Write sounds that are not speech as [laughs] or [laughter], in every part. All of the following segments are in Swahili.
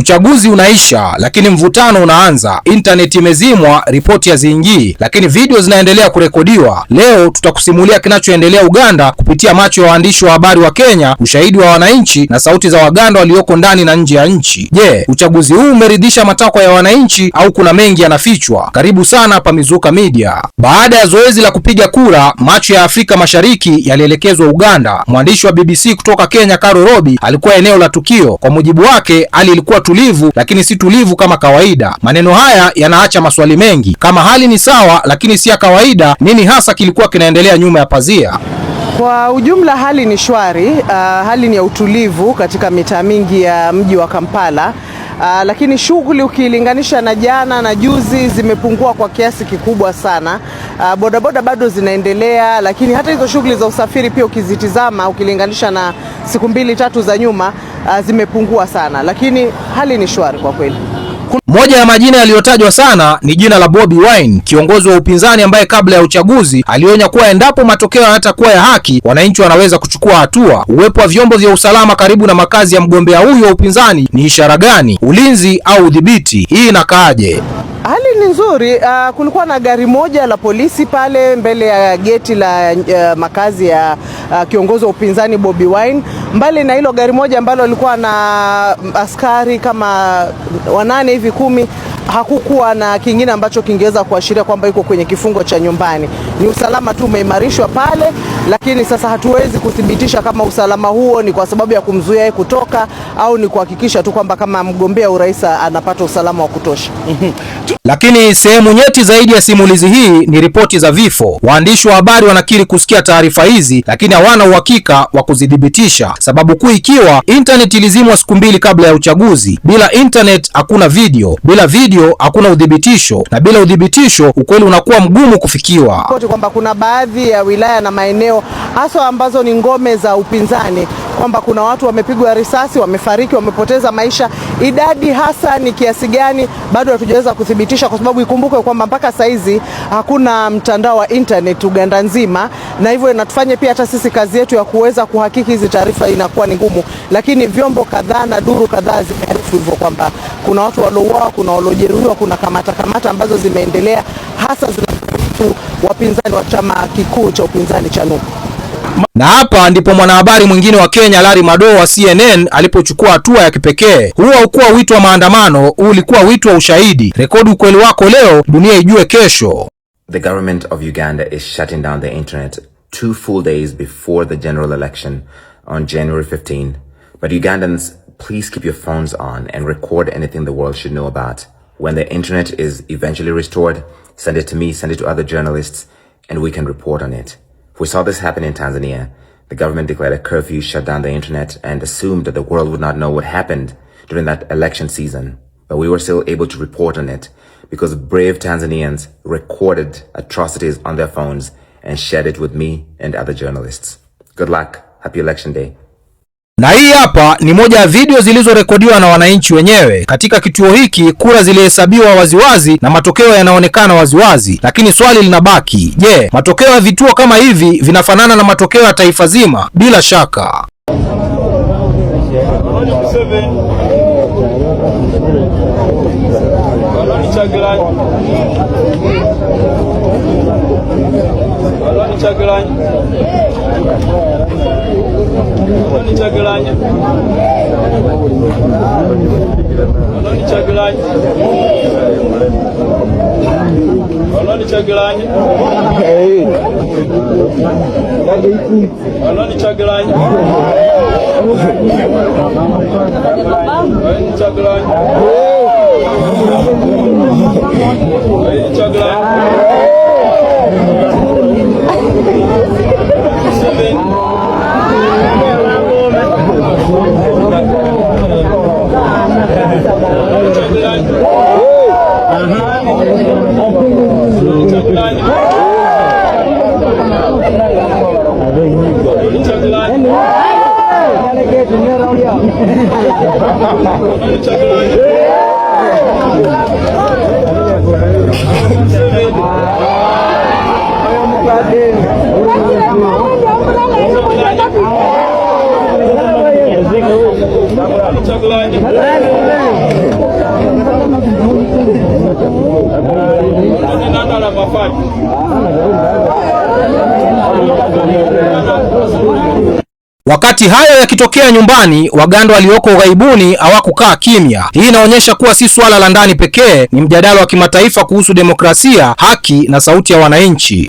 Uchaguzi unaisha, lakini mvutano unaanza. Intaneti imezimwa, ripoti haziingii, lakini video zinaendelea kurekodiwa. Leo tutakusimulia kinachoendelea Uganda kupitia macho ya waandishi wa habari wa Kenya, ushahidi wa wananchi na sauti za Waganda walioko ndani na nje ya nchi. Je, uchaguzi huu umeridhisha matakwa ya wananchi au kuna mengi yanafichwa? Karibu sana hapa Mizuka Media. Baada ya zoezi la kupiga kura, macho ya Afrika Mashariki yalielekezwa Uganda. Mwandishi wa BBC kutoka Kenya Caro Robi alikuwa eneo la tukio. Kwa mujibu wake, hali ilikuwa tulivu, lakini si tulivu kama kawaida. Maneno haya yanaacha maswali mengi, kama hali ni sawa lakini si ya kawaida. Nini hasa kilikuwa kinaendelea nyuma ya pazia? Kwa ujumla hali ni shwari. Uh, hali ni ya utulivu katika mitaa mingi ya mji wa Kampala. Uh, lakini shughuli ukilinganisha na jana na juzi zimepungua kwa kiasi kikubwa sana. Uh, bodaboda bado zinaendelea, lakini hata hizo shughuli za usafiri pia ukizitizama ukilinganisha na siku mbili tatu za nyuma, uh, zimepungua sana, lakini hali ni shwari kwa kweli. Moja ya majina yaliyotajwa sana ni jina la Bobi Wine, kiongozi wa upinzani ambaye kabla ya uchaguzi alionya kuwa endapo matokeo hayatakuwa ya haki, wananchi wanaweza kuchukua hatua. Uwepo wa vyombo vya usalama karibu na makazi ya mgombea huyu wa upinzani ni ishara gani? Ulinzi au udhibiti, hii inakaaje? Hali ni nzuri. Uh, kulikuwa na gari moja la polisi pale mbele ya geti la uh, makazi ya uh, kiongozi wa upinzani Bobi Wine. Mbali na hilo gari moja ambalo alikuwa na mm, askari kama wanane hivi kumi hakukuwa na kingine ambacho kingeweza kuashiria kwamba yuko kwenye kifungo cha nyumbani. Ni usalama tu umeimarishwa pale, lakini sasa hatuwezi kuthibitisha kama usalama huo ni kwa sababu ya kumzuia yeye kutoka au ni kuhakikisha tu kwamba kama mgombea urais anapata usalama wa kutosha. [laughs] Lakini sehemu nyeti zaidi ya simulizi hii ni ripoti za vifo. Waandishi wa habari wanakiri kusikia taarifa hizi, lakini hawana uhakika wa kuzithibitisha, sababu kuu ikiwa internet ilizimwa siku mbili kabla ya uchaguzi. Bila internet hakuna video, bila video hiyo hakuna udhibitisho, na bila udhibitisho ukweli unakuwa mgumu kufikiwa. Kwamba kuna baadhi ya wilaya na maeneo hasa ambazo ni ngome za upinzani, kwamba kuna watu wamepigwa risasi, wamefariki, wamepoteza maisha. Idadi hasa ni kiasi gani bado hatujaweza kuthibitisha, kwa sababu ikumbuke kwamba mpaka saizi hakuna mtandao wa internet Uganda nzima, na hivyo inatufanya pia hata sisi kazi yetu ya kuweza kuhakiki hizi taarifa inakuwa ni ngumu, lakini vyombo kadhaa na duru kadhaa zimearifu hivyo kwamba kuna watu waliouawa, kuna waliojeruhiwa, kuna kamata kamata ambazo zimeendelea hasa zinahusu wapinzani wa chama kikuu cha upinzani cha NUP. Na hapa ndipo mwanahabari mwingine wa Kenya Larry Madowo wa CNN alipochukua hatua ya kipekee. Huo haukuwa wito wa maandamano, huu ulikuwa wito wa ushahidi. Rekodi ukweli wako leo, dunia ijue kesho. The government of Uganda is shutting down the internet two full days before the general election on January 15. But Ugandans, please keep your phones on and record anything the world should know about. When the internet is eventually restored, send it to me, send it to other journalists and we can report on it. We saw this happen in Tanzania. The government declared a curfew, shut down the internet, and assumed that the world would not know what happened during that election season. But we were still able to report on it because brave Tanzanians recorded atrocities on their phones and shared it with me and other journalists. Good luck. Happy election day. Na hii hapa ni moja ya video zilizorekodiwa na wananchi wenyewe. Katika kituo hiki kura zilihesabiwa waziwazi na matokeo yanaonekana waziwazi, lakini swali linabaki, je, yeah, matokeo ya vituo kama hivi vinafanana na matokeo ya taifa zima? Bila shaka Kyagulanyi Anoni Kyagulanyi Anoni Kyagulanyi Anoni Kyagulanyi Anoni Kyagulanyi Anoni Kyagulanyi Anoni Kyagulanyi Ayaw mo pa din. Ayaw mo pa din. Wakati hayo yakitokea nyumbani, Waganda walioko ughaibuni hawakukaa kimya. Hii inaonyesha kuwa si suala la ndani pekee, ni mjadala wa kimataifa kuhusu demokrasia, haki na sauti ya wananchi.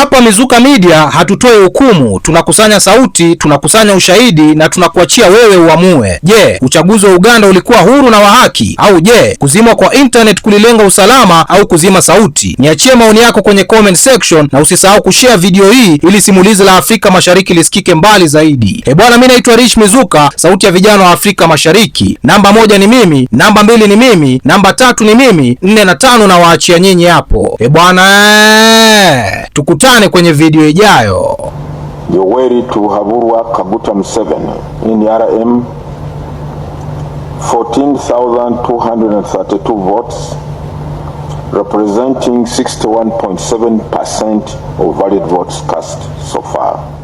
Hapa Mizuka Media hatutoi hukumu, tunakusanya sauti, tunakusanya ushahidi na tunakuachia wewe uamue. Je, uchaguzi wa Uganda ulikuwa huru na wa haki au je, kuzimwa kwa internet kulilenga usalama au kuzima sauti? Niachie maoni yako kwenye comment section na usisahau kushare video hii ili simulizi la Afrika Mashariki lisikike mbali zaidi. Eh bwana, mimi naitwa Rich Mizuka, sauti ya vijana wa Afrika Mashariki. Namba moja ni mimi, namba mbili ni mimi, namba tatu ni mimi, nne na tano na waachia nyinyi hapo. E eh bwana, tukutane tukutane kwenye video ijayo. Yoweri Tibuhaburwa Kaguta Museveni NRM 14232 votes representing 61.7% of valid votes cast so far.